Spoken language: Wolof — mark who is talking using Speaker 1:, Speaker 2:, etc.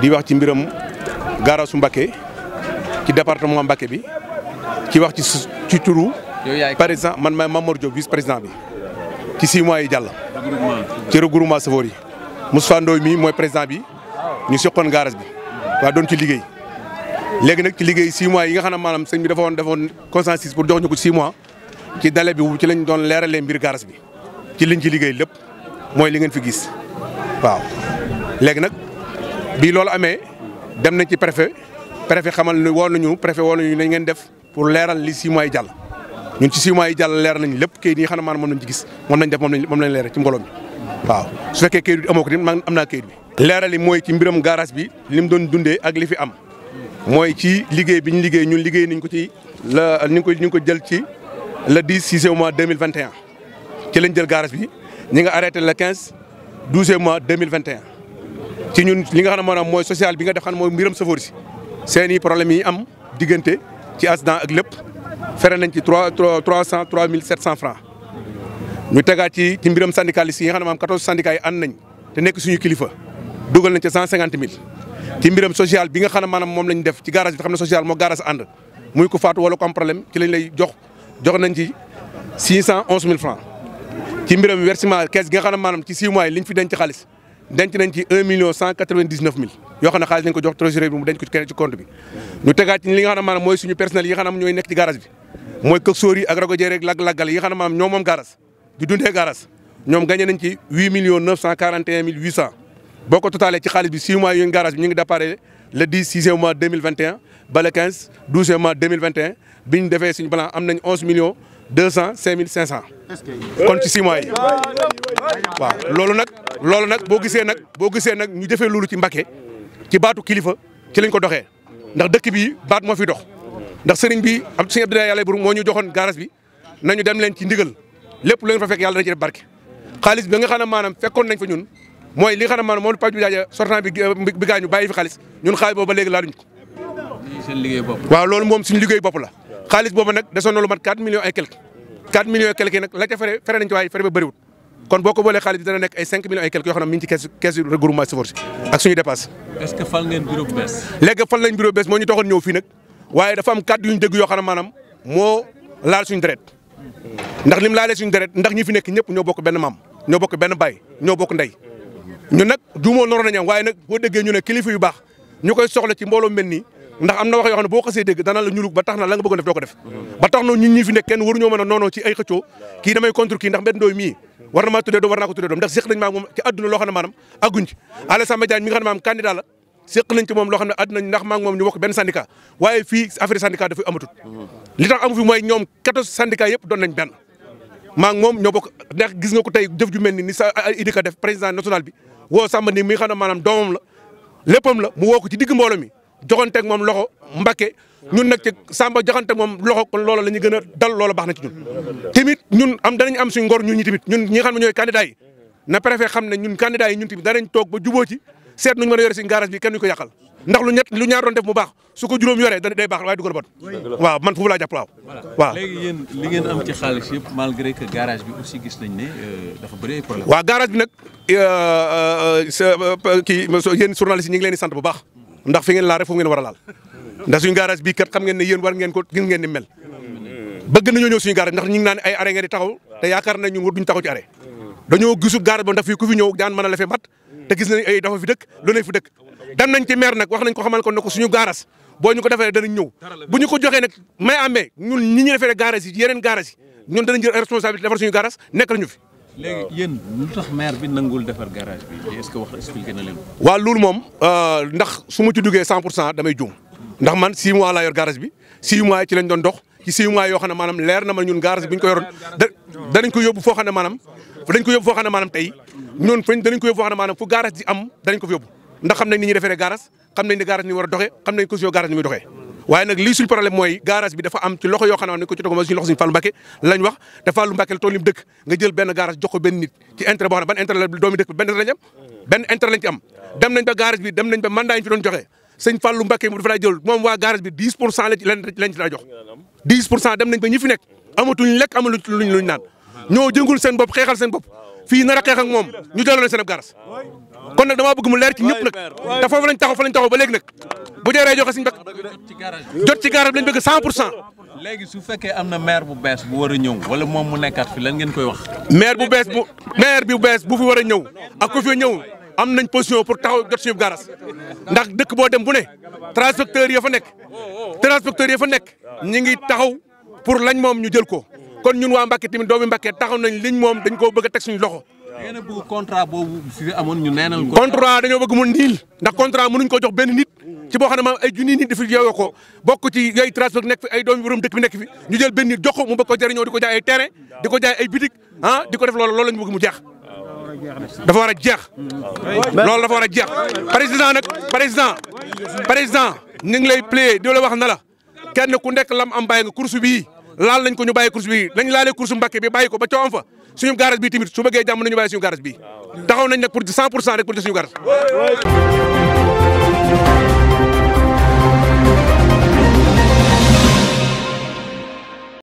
Speaker 1: di wax ci mbiram gaarasu Mbacké ci département Mbacké bi ci wax ci ci turu. par exemple man ma Mamour Diop vice président bi ci six mois yi jàll. ci regroupement Savoor yi. Moussa Ndoye mii mooy président bi ñu seqoon gaaras bi waa doon ci liggéey léegi nag ci liggéey six mois yi nga xam ne maanaam sëñ bi dafa woon dafa woon consensus pour jox ñu ko six mois ci dale bi ci lañ doon leeralee mbir gaaras bi ci liñ ci liggéey lépp mooy li ngeen fi gis waaw léegi nag. bii loolu amee dem nañ ci préfet préfet xamal ne woon nañu préfet woon nañu nañ ngeen def pour leeral li six mois yi jàll. ñun ci six mois yi jàll leer nañ lépp kayit yi nga xam ne maanaam moom nañ ci gis moom lañ def moom lañ moom lañ leeral ci mbooloo mi waaw su fekkee kayit bi amoo ko tamit am naa kayit bi. leeral yi mooy ci mbiram garage bi li mu doon dundee ak li fi am mooy ci liggéey bi ñu liggéey ñun liggéey nañ ko ci la ñu ngi ko ñu ngi ko jël ci le 10 6 mois 2021 ci lañ jël garage bi ñi nga arrêté le 15 12 mois 2021. ci ñun li nga xam ne maanaam mooy social bi nga def xam mooy mbiram safoor si i problème yi am diggante ci accident ak lépp fere nañ ci trois trois cent trois mille sept cent francs ñu tegaat ci ci mbiram syndicaliste yi nga xam ne maanaam quatorze syndicats yi nekk suñu kilifa dugal nañ cent cinquante mille ci mbiram social bi nga xam ne maanaam moom lañ def ci garage bi xam ne social moo garage ànd muy ko faatu wala ko am problème ci lañ lay jox jox nañ ci six cent onze mille francs ci mbiram versement kees gi nga xam ne maanaam ci liñ fi denc xaalis denc nañ ci un million cent quatre-vingt-dix-neuf mille yoo xam ne xaalis nañ ko jox trésorier bi mu denc ko ci keneen bi ñu tegaat ci li nga xam ne maanaam mooy personnel yi nga xam ne nekk ci garage bi mooy kër sóor yi ak rago jeer ak lag-lagal yi nga xam ne maanaam garage di dundee garage ñoom gagné nañ ci huit millions neuf cent quarante un mille huit cent boo totalee ci xaalis bi six mois yu garage bi ñu ngi le 10 sixième mois deux cent cinq mille cinq cent kon ci six mois waaw loolu nag loolu nag boo gisee nag boo gisee nag ñu defee loolu ci mbake ci baatu kilifa ci lañ ko doxee ndax dëkk bi baat moo fi dox ndax sëriñ bi am sëriñ Abdoulaye yàlla moo ñu joxoon garage bi nañu dem leen ci ndigal lépp lu ngeen fa fekk yàlla dañ ci def barke xaalis bi nga xam ne maanaam fekkoon nañ fa ñun mooy li nga xam ne maanaam moom bi jaaja euh, sortant bi bi gaañu bàyyi fi xaalis ñun xaalis boobu ba léegi laaluñ ko waaw loolu moom suñu liggéey bopp la xaalis boobu nag desoon na lu mat 4 millions ay quelque 4 millions et la ca fere fere nañ ci waaye fere ba kon boo ko boolee xaalis nekk ay 5 millions et yoo xam ne mi ngi ci kees si ak suñu dépasse. est fal ngeen bureau bu bees. léegi fal nañ bureau bu bees moo ñu taxoon ñëw fii nag waaye dafa am kàddu yu ñu yoo xam ne moo laal suñu deret ndax lim laalee suñu deret ndax ñi fi nekk ñëpp ñoo bokk benn maam ñoo bokk benn baay ñoo bokk ndey ñun nag juumoo noroon yu baax ñu koy soxla ci mbooloo mel nii ndax am na wax yoo xam ne boo xasee dégg dana la ñulug ba tax na la nga bëggoon def doo ko def ba tax na ñun ñi fi nekk kenn a noonoo ci ay xëccoo kii damay contre kii ndax Mbeth Ndoye mii war na ko moom ci àdduna loo waaye fii affaire syndicat dafa amatut li tax amu fi mooy ñoom 14 syndicat yëpp doon nañ benn moom ñoo ndax gis nga tey jëf mel ni ni sa idika def président national bi woo sàmba ni mi nga xam ne maanaam doomam la léppam la mu woo ci digg mbooloo mi joxanteeg moom loxo Mbacké ñun nag ci Samba joxante moom loxo kon loola la ñu gën a dal loola baax na ci ñun. tamit ñun am danañ am suñu ngor ñun ñi tamit ñun ñi xam ne ñooy candidats yi na préfet xam ne ñun candidats yi ñun tamit danañ toog ba juboo ci seet nuñ mën a yore si garage bi kenn ñu ko yàqal ndax lu ñett lu ñaar doon def mu baax su ko juróom yoree day baax waaye du ko bon waaw man foofu laa jàpp waaw. waaw léegi yéen li ngeen am garage bi gis nañ ne euh, dafa bëri ay problème. waaw bi nag euh, euh, kii yéen journaliste yi ñu ngi leen di sant bu baax ndax fi ngeen laal rek ngeen war a laal ndax suñu garage bii kat xam ngeen ne yéen war ngeen ko gis ngeen ni mel bëgg nañoo ñëw suñu garage ndax ñu na ñun war duñ taxaw ci arrêt dañoo gisul garage ba ndax fii nañ ay dafa fi dëkk lu ne fi dëkk dem nañ ci maire nag wax nañ ko xamal ko ne ko suñu garage boo ñu ko defee danañ ñëw bu ñu ko joxee nag may amee ñun ñi ñu defee suñu garage nekk lañu fi léegi yéen lu tax maire defar garage bi ce que wax expliqué na leen moom euh, ndax su ma ci duggee 100 pour cent damay juum ndax man 6 mois laa yor garage bi 6 mois ci lañ doon dox ci 6 yoo xam ne maanaam leer na ma ñun garage bi ñu ko yoroon da danañ ko yóbbu foo xam ne maanaam dañ ko yóbbu foo xam ne maanaam tey ñoon fañ danañ ko yóbbu foo xam ne maanaam fu garage di am danañ ko fi yóbbu ndax xam nañ ni ñuy defaree garage xam nañ ne garage ni war a doxee xam nañ caution garage ni muy doxee waaye nag lii suñ problème mooy garage bi dafa am ci loxo yoo xam ne ko ci teg ma suñu loxo wax te Fallou Mbacké la tool lim dëkk nga jël benn garage jox benn nit ci intérêt boo xam ne ban intérêt doomi dëkk benn lañ am benn intérêt nañ ba garage bi dem nañ ba mandat yi fi doon joxe sëñ Fallou Mbacké mu dafa jël moom waa garage bi 10 pour cent lañ lañ ci daa pour cent dem nañ ba ñi fi nekk lekk amatuñ luñ luñ naan ñoo jëngul bopp xeexal seen bopp fii nar a xeex ak moom ñu delloo leen seen garas kon nag damaa bëgg mu leer ci ñëpp nag te foofu lañ taxaw fa lañ taxaw ba léegi nag bu a rajo Xassida Mbacke jot ci garage bi lañ bëgg 100 pour cent. léegi su fekkee am na maire bu bees bu war a ñëw wala moom mu nekkaat fi lan ngeen koy wax. maire bu bees bu maire bu bees bu fi war a ñëw ak ku fi ñëw am nañ position pour taxaw jot suñu garas ndax dëkk boo dem bu ne transporteur ya fa nekk transporteur ya fa nekk ñi ngi taxaw pour lañ moom ñu jël ko. kon ñun waa Mbacké tamit doomi Mbacké taxaw nañ liñ moom dañ koo bëgg a teg suñu loxo. yéen a bëgg contrat boobu si amoon dañoo bëgg mu niil ndax contrat mënuñ ko jox benn nit ci boo xam ne maam ay junni nit dafa yoyoo ko bokk ci yooyu transport nekk fi ay doomi borom dëkk bi nekk fi ñu jël benn nit jox ko mu bëgg ko jëriñoo di ko jaay di ko jaay ay bitik ah di ko def loolu loolu lañu bëgg mu jeex. dafa war a jeex loolu dafa war a jeex président nag président président ñu ngi lay plaidé di la wax na la kenn ku nekk lam am bàyyi nga course bii laal nañ ko ñu bàyyi course bi nañ laalee course Mbàkke bi bàyyi ko ba coow am suñu garage bi tamit su bëggee jàmm nañu bàyyi suñu garage bi taxaw nañ nag pour 100 pour cent rek pour di suñu garage